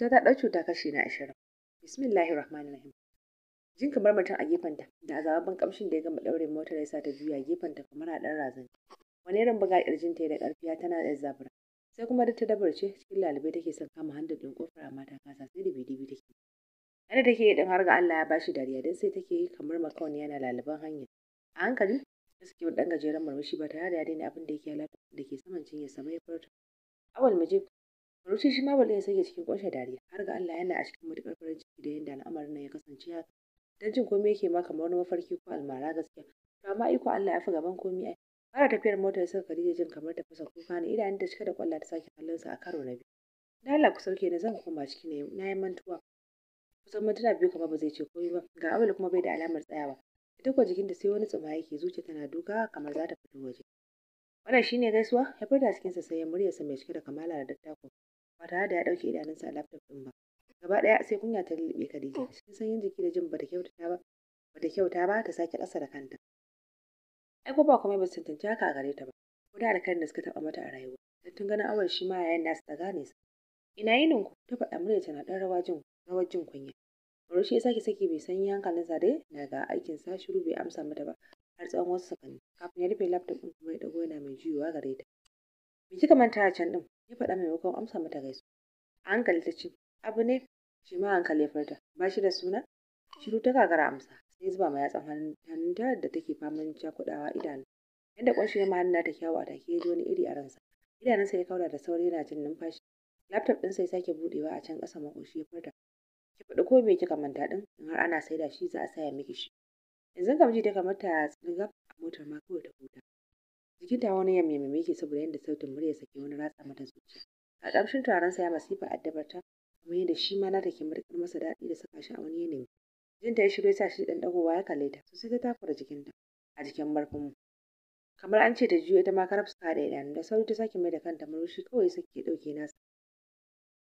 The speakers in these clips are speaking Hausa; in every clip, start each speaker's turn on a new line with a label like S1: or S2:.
S1: ita ta ɗau cuta kashi na ashirin Bismillahi rahmanir rahim jin kamar mutum a gefenta da azababban kamshin da ya gama ɗaure motar ya sa ta juya gefenta kamar a ɗan razan wani irin buga ƙirjinta da ƙarfiya tana da zabura sai kuma da ta dabarce cikin lalibai take son kama handar ɗin ƙofar amma ta kasa sai da bidibi take yadda take yi ɗin har ga Allah ya bashi dariya don sai take yi kamar makawani yana laliban hanya a hankali ta saki ɗan gajeren murmushi ba tare da ya daina abin da yake da ke saman cinyarsa ba ya furta awal mujib Rushi shi ma balle ya sake cikin kwashe dariya har ga Allah yana a cikin matuƙar farin ciki da yadda al'amarin nan ya kasance haka. Dan jin komai yake ma kamar wani mafarki ko almara gaskiya. To amma iko Allah ya fi gaban komai ai. Fara tafiyar motar saka Khadija jin kamar ta fasa kuka ne idanun ta cika da kwalla ta sake kallon sa a karo na biyu. Da Allah ku sauke ni zan koma ciki na yi mantuwa. Kusan mintuna biyu kamar ba zai ce komai ba ga Abdul kuma bai da alamar tsayawa. Ita jikin da sai wani tsuma yake zuciya tana duka kamar za ta fito waje. Wannan shine gaisuwa ya furta cikin sa sai muryarsa mai cike da kamala da dattako. ba tare da ya ɗauke idanunsa a laptop ɗin ba gaba ɗaya sai kunya ta lulluɓe Khadija oh. cikin sanyin jiki da jin bata ba bata kyauta ba ta sake ƙasa da kanta ai ko ba kuma ba su haka a gare ta ba ko da alkarin da suka taɓa mata a rayuwa don tun ganin awar shi ma yayan nasu ta gane su ina yinin ku ta faɗa murya tana ɗan rawa jin rawar jin kunya Marushi ya sake saki bai sanyi hankalinsa dai daga aikin sa shiru bai amsa mata ba har tsawon wasu sakanni kafin ya rufe laptop ɗin kuma ya ɗago yana mai juyowa gare ta me kika manta a can din ya faɗa maimakon amsa mata gaisu a hankali ta ce abu ne shi ma hankali ya furta ba shi da suna shiru ta gagara amsa sai zuba ma yatsan hannunta da take faman cakuɗawa idanu yadda ƙunshi ya mahanna ta kyawu a take ya ji wani iri a ransa idanunsa ya kaura da sauri yana jin numfashi laptop ɗinsa ya sake buɗewa a can ƙasa makoshi ya furta ki faɗi ko me kika manta ɗin in har ana saida shi za a saya miki shi yanzu kam ji ta kamar ta tsinga a motar ma kawai ta huta jikinta wani ya maimame yake saboda yadda sautin muryarsa ke wani ratsa mata zuciya a taron taronsa ya masifa addabar ta kuma yadda shi ma nata ke matuƙar masa daɗi da saka shi a wani yanayi ta ya shiru ya sa shi ɗan ɗagowa ya kalle ta sosai ta takura jikinta a jikin mu kamar an ce ta juyo ita ma karar fuska da idanu da sauri ta sake mai da kanta murmushi kawai sake ɗauke nasa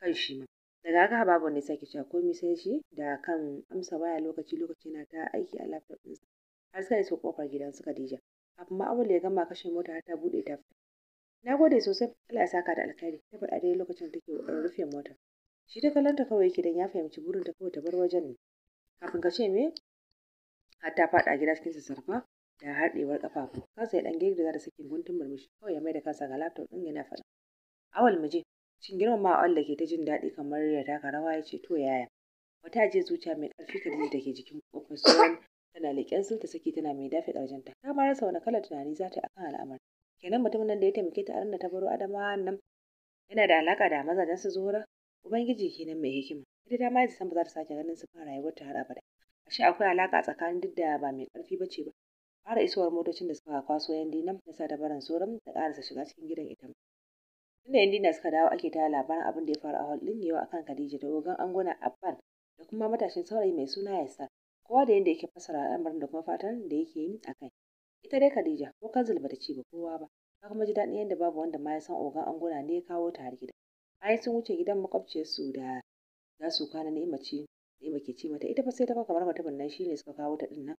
S1: kan shi ma daga haka babu wanda ya sake cewa komai sai shi da kan amsa waya lokaci lokaci na ta aiki a laptop ɗinsa har suka iso kofar gidan su Khadija amma da ya gama kashe mota har ta buɗe ta fita. Na gode sosai Allah ya saka da alkhairi ta faɗa dai lokacin da take rufe mota. Shi ta kallon kawai yake dan ya fahimci burin ta kawai ta bar wajen ne. Kafin ka ce me har ta faɗa gida cikin sassarfa da haɗewar ƙafafu. Kansa ya ɗan girgiza da sakin guntun murmushi kawai ya mai da kansa ga laptop ɗin yana faɗa. Awal mu je. Shin girmama Awal da ke ta jin daɗi kamar ya taka rawa ya ce to yaya. Wata je zuciya mai ƙarfi ta da ke jikin ƙofar tana leƙen zulta saki tana mai dafe wajenta. ta ma rasa wani kalar tunani za ta yi akan al'amari kenan mutumin nan da ya taimake ta aran da ta baro adama. nan yana da alaƙa da mazajen su zuhura ubangiji kenan mai hikima ita ta ma san ba za ta sake ganin su ba rayuwarta har abada ashe akwai alaƙa tsakanin duk da ba mai ƙarfi ba ce ba fara isowar motocin da suka kwaso yan nan, ya sa ta barin tsoron ta ƙarasa shiga cikin gidan ita tunda yan dina suka dawo ake tara labarin abin da ya faru a hall ɗin yau akan Khadija da ogan angona Abban da kuma matashin saurayi mai suna Yasar kowa da yadda yake fassara al'amarin da kuma fatan da yake yi a kai ita dai Khadija ko Kazil bata ce ba kowa ba ta kuma ji daɗin yadda babu wanda ma ya san ogan anguna ne ya kawo ta har gida bayan sun wuce gidan makwabciyarsu da za su kwana ne mace ne ke ce mata ita fa sai ta kamar mutumin nan shine suka kawo ta nan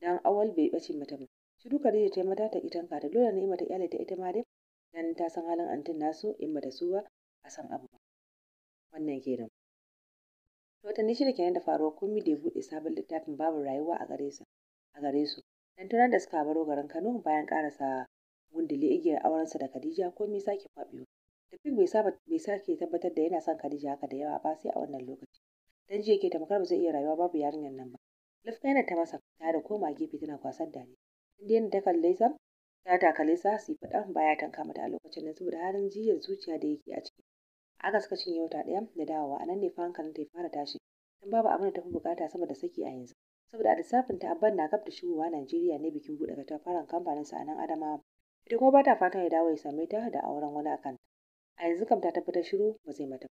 S1: dan awal bai bace mata ba shi duka da ta mata ta itanka ta dole ne mata iyale ta ita ma dai dan ta san halin antin nasu in bata su ba a san abu ba wannan kenan watanni shida kenan da faruwar komai da ya buɗe sabon littafin babu rayuwa a gare su. a gare su dan tunan da suka baro garin Kano bayan karasa gundule igiyar aurensa da Khadija komai sake kwabewa Tafiq bai saba bai sake tabbatar da yana son Khadija haka da yawa ba sai a wannan lokaci dan ji yake tamkar ba zai iya rayuwa babu yarinyar nan ba Lafka yana ta masa ta da koma gefe tana kwasan dare inda yana ta kalle sa ta takale sa su yi faɗa baya tanka mata a lokacin nan saboda halin jiyar zuciya da yake a ciki aka suka cinye wata ɗaya da dawowa a nan ne fa hankalin ta fara tashi dan babu abin da tafi bukata sama da saki a yanzu saboda a lissafin ta abban na gab da shigowa Najeriya ne bikin buɗe katafaren kamfanin sa a nan Adamawa ita kuma ta fatan ya dawo ya same ta da auren wani akan a yanzu kam ta tabbatar shiru ba zai mata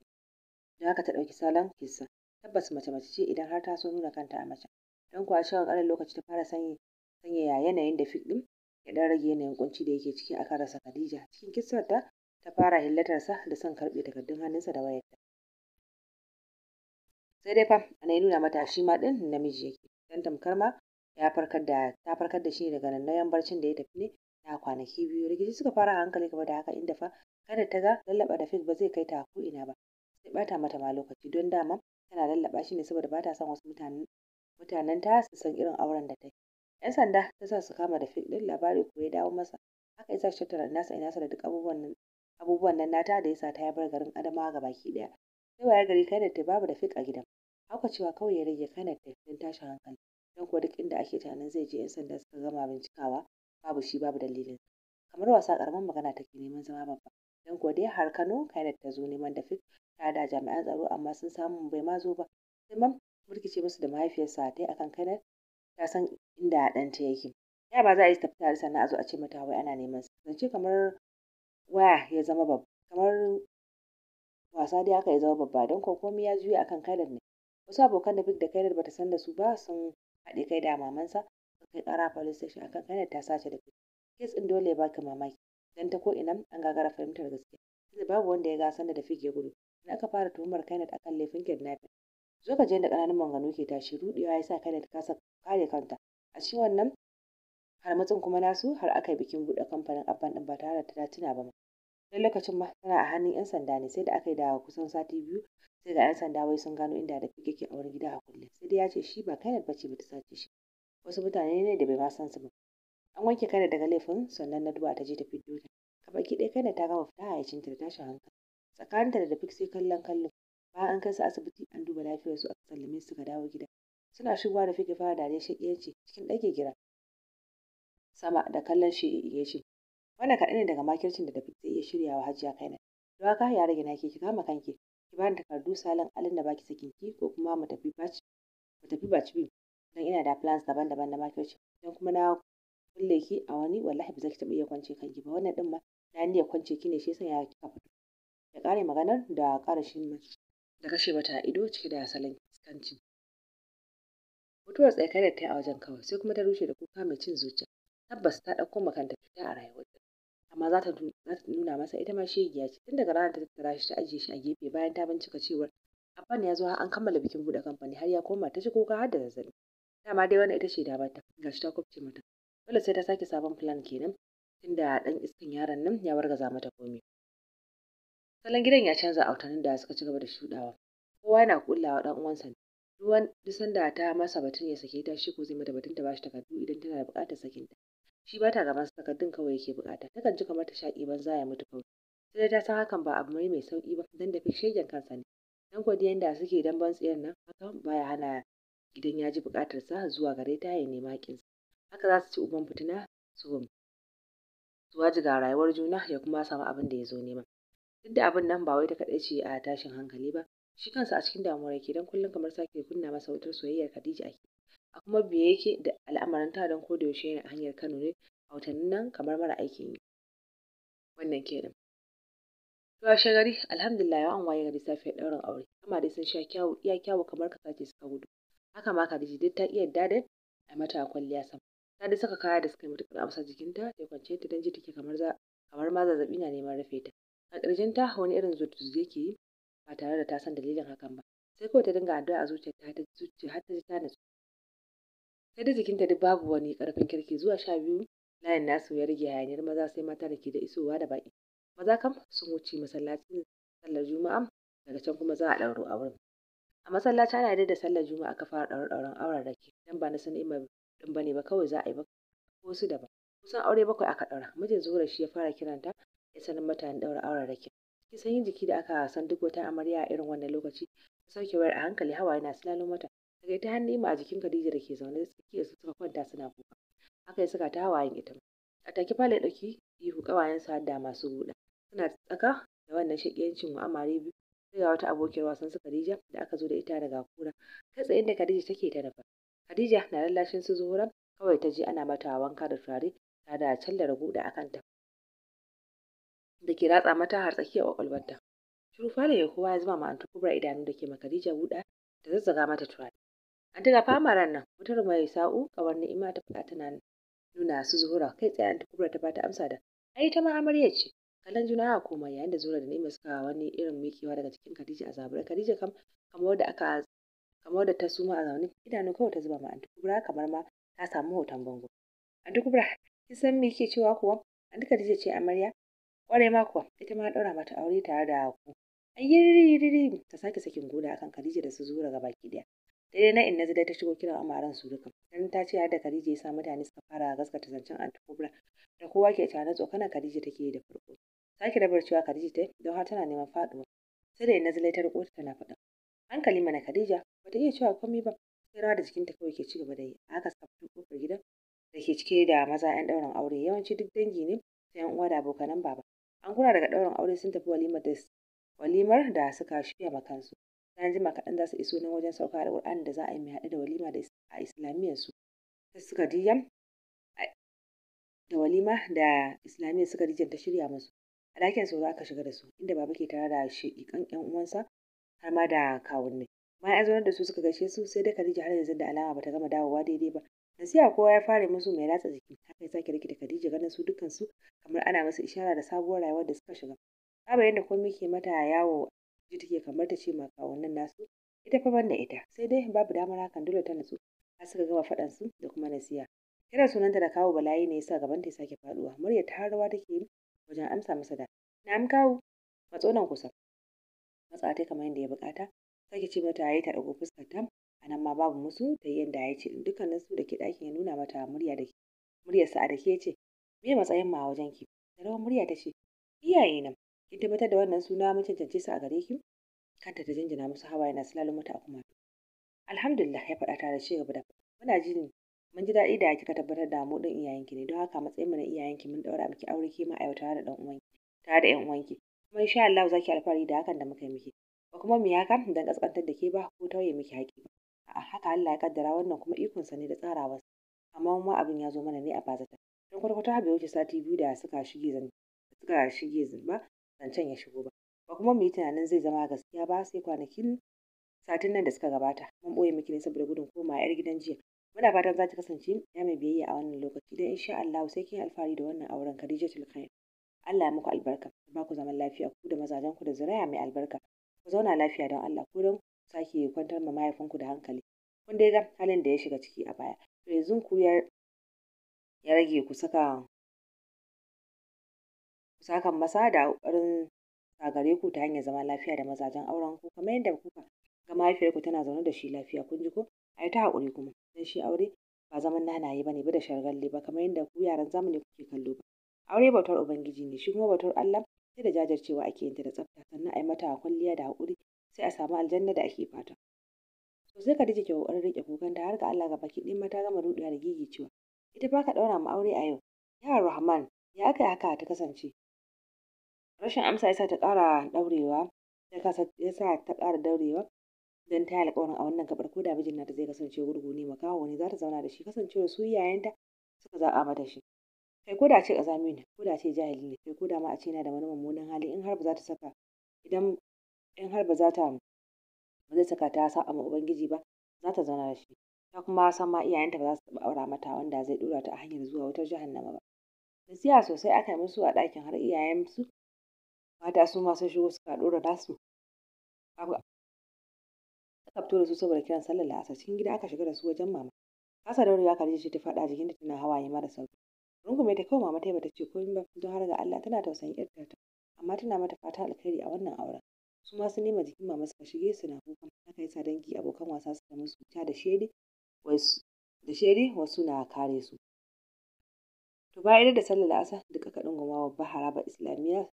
S1: don haka ta ɗauki salon kissa tabbas mace mace ce idan har ta so nuna kanta a mace don kuwa shirin ƙarin lokaci ta fara sanya sanyaya yanayin da fik ɗin ya ɗan rage yanayin kunci da yake ciki a kan rasa Khadija cikin kisar ta ta fara sa da son karɓe takardun hannunsa da wayarta. Sai dai fa ana nuna mata shi ma ɗin namiji yake, don tamkar ma ya farkar da ta farkar da shi daga nayan barcin da ya tafi ne na kwanaki biyu rikici suka fara hankali gaba da haka inda fa kada ta ga lallaba da fik ba zai kai ta ko ina ba sai bata mata ma lokaci don dama tana lallaba shi ne saboda ba ta son wasu mutanen mutanen ta su san irin auren da ta yi yan sanda ta sa su kama da fik din labari ko ya dawo masa haka ya sa shi tara nasa ina da duk abubuwan nan. abubuwan nan nata da yasa ta bar garin Adamawa ga baki daya sai waya gari kai ta babu da fik a gidan haka cewa kawai ya rage kanar ta don tashin hankali don kuwa duk inda ake tunanin zai je yan sanda suka gama bincikawa babu shi babu dalilin kamar wasa karamin magana take neman zama babba don kuwa dai har Kano Kairat ta zo neman da fik ta da jami'an tsaro amma sun samu bai ma zo ba sai mam burkice musu da mahaifiyarsa ta akan Kairat ta san inda ɗanta yake ya ba za a yi tafiya tare sannan a zo a ce mata wai ana neman sa zance kamar waya ya zama babba kamar wasa dai aka ya zama babba don ko komai ya juya akan kailar ne wasu abokan da da ba bata san da su ba sun haɗe kai da mamansa sun kai ƙara police station akan kailar ta sace da kuɗi kes ɗin dole ya baka mamaki dan ta ko ina an gagara fahimtar gaskiya sai babu wanda ya ga sanda da fige gudu in aka fara tuhumar kainar akan laifin kidnapping zo ka je da ƙananan manganu ke tashi ruɗewa ya sa kainar ta kasa kare kanta a cikin wannan har matsin kuma nasu har aka yi bikin buɗe kamfanin abban ɗin ba tare da ta tuna ba Wani lokacin ma tana a hannun 'yan sanda ne, sai da aka yi da kusan sati biyu sai da 'yan sanda wai sun gano inda Rafik yake a wani gida a kulle, sai dai ya ce shi ba Kenneth ba ce ba ta sace shi, wasu mutane ne da bai ma san su ba. An wanke Kenneth daga laifin sannan na duba ta je ta fiddo ta. baki ɗaya Kenneth ta gama fita a yacinta da tashin hankali. Tsakaninta da Rafik sai kallon kallo. Bayan an kai su asibiti an duba lafiyarsu aka sallame su suka dawo gida. Suna shigowa da ya fara dariyar ce, cikin ɗakin gira. Sama da kallon shi ya ce Wannan kaɗan ne daga makircin da David zai iya shiryawa Hajiya kaina Don haka ya rage naki ki kama kanki ki bani takardu salin alin da baki sakin ki ko kuma mu tafi baci mu tafi baci don ina da plans daban-daban na makirci don kuma na kulle ki a wani wallahi ba za ki taɓa iya kwance kanki ba wannan ɗin ma na niyyar kwance ki ne shi yasa ya kika fito. Ya ƙare maganar da ƙara shi da kashe mata ido cike da salon iskanci. Mutuwar tsaye da ta yi a wajen kawai sai kuma ta rushe da kuka mai cin zuciya. Tabbas ta ɗauko makanta fita a rayuwar rayuwarta. amma za ta nuna masa ita ma shegiya ce tun daga ranar ta tattara shi ta ajiye shi a gefe bayan ta bincika cewa abban ya zo har an kammala bikin buɗe kamfani har ya koma ta ci kuka har da zazzabi dama dai wannan ita ce bata ta shi ta kwafce mata dole sai ta sake sabon plan kenan tunda dan iskan yaron nan ya wargaza mata komai salon gidan ya canza a watannin da suka ci gaba da shudawa kowa yana kullawa dan uwansa duk sanda ta masa batun ya sake ta shi ko zai mata batun ta bashi takardu idan tana da buƙatar sakinta. shi ba ta gaban takardun kawai yake bukata takan ji kamar ta shaƙi banza ya mutu kawai sai ta san hakan ba abu mai mai sauki ba dan da fi shegen kansa ne dan godiyan yanda suke dan ban tsiyar nan hakan baya hana idan ya ji bukatar sa zuwa gare ta ya nema kinsa haka za su ci uban fitina su waji jiga rayuwar juna ya kuma samu abin da ya zo nema duk da abin nan ba wai ta kaɗai ce a tashin hankali ba shi kansa a cikin damuwar yake dan kullum kamar sake kunna masa wutar soyayyar Khadija ake a kuma biye yake da al'amaranta don ko da yaushe yana hanyar Kano ne a watannin nan kamar mara aikin yi wannan kenan to washe gari alhamdulillah an waye gari safiyar ɗaurin aure amma dai sun sha kyawu iya kyawu kamar sake suka gudu haka ma ji duk ta iya dadin a mata kwalliya sam ta dai saka kaya da suka yi matuƙar amsa jikinta yi kwance ta dan ji take kamar za kamar ma zazzabi na neman rufe ta a ƙirjinta wani irin zuzzuz yake yi ba tare da ta san dalilin hakan ba sai kawai ta dinga addu'a a zuciyarta har ta ji ta natsu sai da jikinta duk babu wani karfin kirki zuwa sha biyu layin nasu ya rage hayaniyar maza sai mata da ke da isowa da baki maza kam sun wuce masallacin sallar juma'a daga can kuma za a ɗauro auren a masallaci ana da sallar juma'a aka fara ɗaure ɗauren auren rake dan ba na san ima din bane ba kawai za a yi ba wasu ba. kusan aure bakwai aka ɗaura mijin zuwa shi ya fara kiranta ya sanin mutane ɗaura auren rake cikin sanyin jiki da aka san duk wata amarya a irin wannan lokaci ta sauke wayar a hankali hawaye na silalo mata daga ta ma a jikin Khadija da ke zaune tsakiyar su suka kwanta suna kuka aka yi suka ta hawayen ita a take fale ɗauki ihu sa hadda masu buɗa suna tsaka da wannan shakiyancin mu'amari biyu sai ga wata abokiyar wasan su Khadija da aka zo da ita daga kura kai tsaye da Khadija take ta dafa Khadija na lallashin su zuhuran kawai ta je ana mata wanka da turare ta da callar da akan ta da ke ratsa mata har tsakiyar kwakwalwarta. Shuru fara ya kowa ya zama ma Kubra idanu da ke ma Khadija buɗa da zazzaga mata turare. A tana fama nan wutar mai sa'u kawar ni'ima ta faɗa tana nuna su zuhura kai tsaye an ta ta bata amsa da ai ta ma amarya ce kallon juna a koma yayin da zura da ni'ima suka wani irin mikewa daga cikin khadija a zabura khadija kam kamar da aka kamar da ta suma a zaune idanu kawai ta zuba ma an kubra kamar ma ta samu hoton bango an kubra kin san me ke cewa kuwa an khadija ce amarya kwarai ma kuwa ita ma ɗaura mata aure tare da ku riri ta sake sakin goda akan khadija da su zuhura gaba daya daidai na inna zai ta shigo kiran amaran su duka Dan ta ce har da Khadija ya sa mutane suka fara gaskata zancen anti Kubra da kowa ke tana tsokana, Khadija take yi da farko sake rabar cewa Khadija ta don har tana neman faduwa sai da inna zai ta riko ta tana faɗa hankali mana Khadija bata iya cewa komai ba sai rawa da jikinta kawai ke ci gaba da yi haka suka fito kofar gidan da ke cike da maza 'yan ɗaurin aure yawanci duk dangi ne sai 'yan uwa da abokanan baba an kuna daga ɗaurin aure sun tafi walimar da walimar da suka shirya ma kansu bayan jima kaɗan za su iso nan wajen sauka da ƙur'ani da za a yi mai haɗe da walima da a islamiyyar su sai suka diyan da walima da islamiyyar suka diyan ta shirya musu a ɗakin za aka shiga da su inda baba ke tare da sheƙiƙan ƴan uwansa har ma da kawunni bayan an zaunar da su suka gaishe su sai dai Khadija har yanzu da alama bata gama dawowa daidai ba nasiha kowa ya fara musu mai ratsa jiki haka ya sake rikita Khadija ganin su dukkan su kamar ana masu ishara da sabuwar rayuwar da suka shiga babu yadda komai ke mata yawo ita take kamar ta ce ma kawunan nasu ita fa ban da ita sai dai babu damar hakan dole ta nutsu har suka gama faɗan su da kuma nasiya kiran sunanta da kawo bala'i ne yasa gaban ta sake faɗuwa murya ta rawa take yi wajen amsa masa da an kawo matso nan kusa matsa ta kamar yadda ya bukata sake ce mata yayi ta dago fuskar ta anan ma babu musu ta yi yadda ya ce dukkanin su da ke ɗakin ya nuna mata murya da muryarsa a dake ce me matsayin ma a wajen ki da rawar murya ta ce iyaye nan kin tabbatar da wannan suna mun cancance su a gare ki kanta ta jinjina musu hawa yana sulalo mata a kuma alhamdulillah ya faɗa tare da gaba da muna ji ne mun ji daɗi da kika tabbatar da mu ɗin iyayenki ne don haka matsayin mu na iyayenki mun ɗaura miki aure ke ma tare da ɗan uwanki tare da ƴan uwanki kuma insha Allah za ki alfahari da hakan da muka yi miki ba kuma mu yaka dan kaskantar da ke ba ko tauye miki haƙi ba a'a haka Allah ya kaddara wannan kuma ikon sa ne da tsarawa amma mu abin ya zo mana ne a bazata don kwarkwata wuce sati biyu da suka shige zan suka shige ba zancen ya shigo ba ba kuma mu yi tunanin zai zama gaskiya ba sai kwanakin satin nan da suka gabata mun ɓoye miki ne saboda gudun koma yar gidan jiya muna fatan za ki kasance ya mai biyayya a wannan lokaci don insha Allah sai kin alfahari da wannan auren Khadija Tulkayan Allah ya muku albarka ba ku zaman lafiya ku da mazajen ku da zuriya mai albarka ku zauna lafiya don Allah ku don sake kwantar ma mahaifinku da hankali kun dai ga halin da ya shiga ciki a baya to yanzu ku ya rage ku saka sakan masa da ƙoƙarin gare ku ta hanyar zama lafiya da mazajen auren ku kamar yadda kuka ga mahaifiyar tana zaune da shi lafiya kun ji ko ai ta haƙuri kuma dan shi aure ba zaman nanaye bane ba da shargalle ba kamar yadda ku yaran zamani kuke kallo ba aure bautar ubangiji ne shi kuma bautar Allah sai da jajircewa ake yin ta da tsafta sannan a yi mata kwalliya da haƙuri sai a samu aljanna da ake fata to sai ka dije ƙoƙarin rike kukan da har ka Allah ga baki din mata gama rudiya da gigicewa ita ba ka ɗaura mu aure a yau ya Rahman ya aka haka ta kasance rashin amsa ya sa ta ƙara ɗaurewa ya ta ƙara daurewa don ta alƙawarin a wannan gabar ko da mijin nata zai kasance gurgu ne makaho ne za ta zauna da shi kasancewa su iyayenta suka zaɓa mata shi kai ko da ce ƙazami ne ko da ce jahili ne kai ko da ma a ce yana da wani mummunan hali in har ba za ta saka idan in har ba za ta ba zai saka ta sa ma ubangiji ba za zauna da shi ta kuma san ma iyayenta ba za su taɓa aura mata wanda zai ɗora ta a hanyar zuwa wutar jahannama ba gaskiya sosai aka yi musu a ɗakin har iyayen su mata su ma sun shigo suka ɗora nasu aka fito da su saboda kiran sallar la'asar cikin gida aka shiga da su wajen mama kasa ya Khadija shi ta faɗa jikinta tana hawaye mara sauki rungume ta kawai mama ta bata ce komai ba don har ga Allah tana tausayin yarda ta amma tana mata fata alkhairi a wannan auren su ma sun nema jikin mama suka shige su na kuka haka yasa dangi abokan wasa suka musu ta da shedi wasu da shedi wasu na kare su to bayan da sallar la'asar duk aka dunguma bahara haraba islamiyya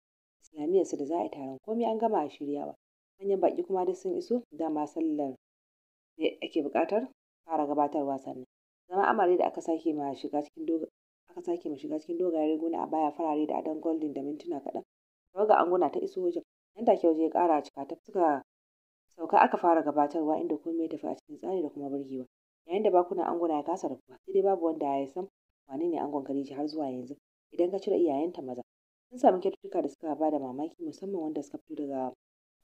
S1: islamiyyarsu da za a yi taron komai an gama a shiryawa manyan baƙi kuma duk sun iso dama sallar da ake buƙatar fara gabatarwa sannan zama amare da aka sake ma shiga cikin doga aka sake ma shiga cikin dogayen riguna a baya farare da adon goldin da mintuna kaɗan ga anguna ta iso wajen nan take waje ya ƙara cika ta suka sauka aka fara gabatarwa inda komai ya tafi a cikin tsari da kuma burgewa yayin da bakunan anguna ya kasa rufuwa sai dai babu wanda ya san wane ne angon Khadija har zuwa yanzu idan ka cire iyayenta maza sun samu kyaututtuka da suka ba da mamaki musamman wanda suka fito daga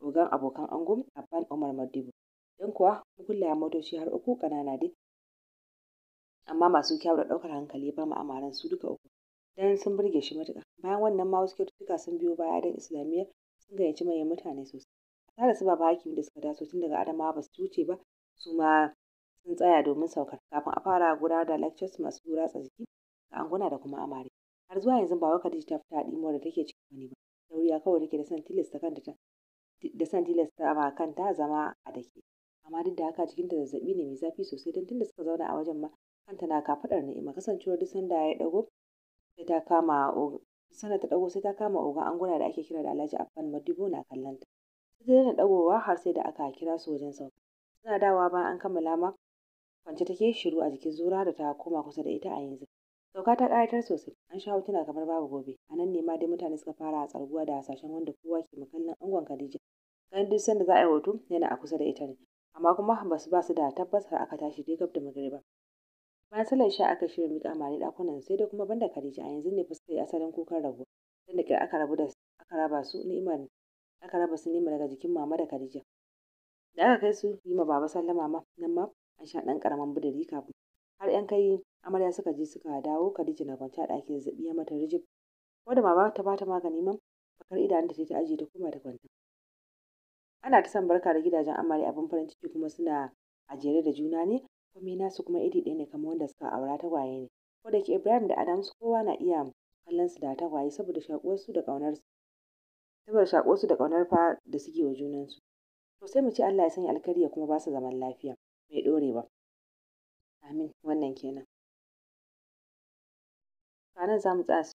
S1: ogan abokan ango Abban Umar madibu don kuwa kulle a motoci har uku ƙanana dai amma masu kyau da ɗaukar hankali ya mu amaran su duka uku dan sun burge shi matuƙa bayan wannan ma wasu kyaututtuka sun biyo baya don islamiyya sun gayyaci manyan mutane sosai sa-da su baba hakimi da suka taso tun daga adama ba su wuce ba su ma sun tsaya domin saukar kafin a fara gudanar da lectures masu ratsa jiki ga anguna da kuma amare har zuwa yanzu ba wai Khadija ta a da take ciki wani ba dauriya kawai take da san tilasta kanta ta da san tilasta ba kanta zama a dake amma duk da haka jikinta zazzabi ne mai zafi sosai don tunda suka zauna a wajen ma kanta na kafaɗar ma kasancewar duk sanda ya dago sai ta kama sana ta dago sai ta kama ogan anguna da ake kira da Alhaji Affan Madibo na kallon ta sai ta dagowa har sai da aka kira su wajen sauka suna dawa bayan an kammala ma kwance take shiru a jikin zura da ta koma kusa da ita a yanzu Sauka ta ƙayatar sosai, an sha hotuna kamar babu gobe. A nan ne ma dai mutane suka fara tsarguwa da hasashen wanda kowa ke makallin angon Khadija. Ganin duk sanda za a yi hoto yana a kusa da ita ne. Amma kuma ba su ba su da tabbas har aka tashi dai gab da magariba. Bayan sallar sha aka shirya miƙa mare ɗakunan sai dai kuma banda Khadija a yanzu ne fuskar asalin kukan rago. Tunda kira aka rabu da aka raba su ni'imar aka raba su ni'imar daga jikin mama da Khadija. Da aka kai su yi ma baba sallama ma nan ma an sha ɗan ƙaramin budiri kafin har 'yan kai amarya suka je suka dawo Khadija na kwance a ake zazzabi ya mata rijib ko da mama ta bata magani man bakar idanun da ta aje ta koma ta kwanta ana ta san barka da gidajen amarya abin farin ciki kuma suna a da juna ne komai nasu kuma idi ɗaya ne kamar wanda suka aura tagwaye ne ko da ke Ibrahim da Adams kowa na iya kallon su da tagwaye saboda shakuwar su da kaunar su saboda shakuwar su da kaunar fa da suke wa junan su to sai mu ce Allah ya sanya alkhairi ya kuma ba su zaman lafiya mai dorewa amin wannan kenan Parmesan mit Eis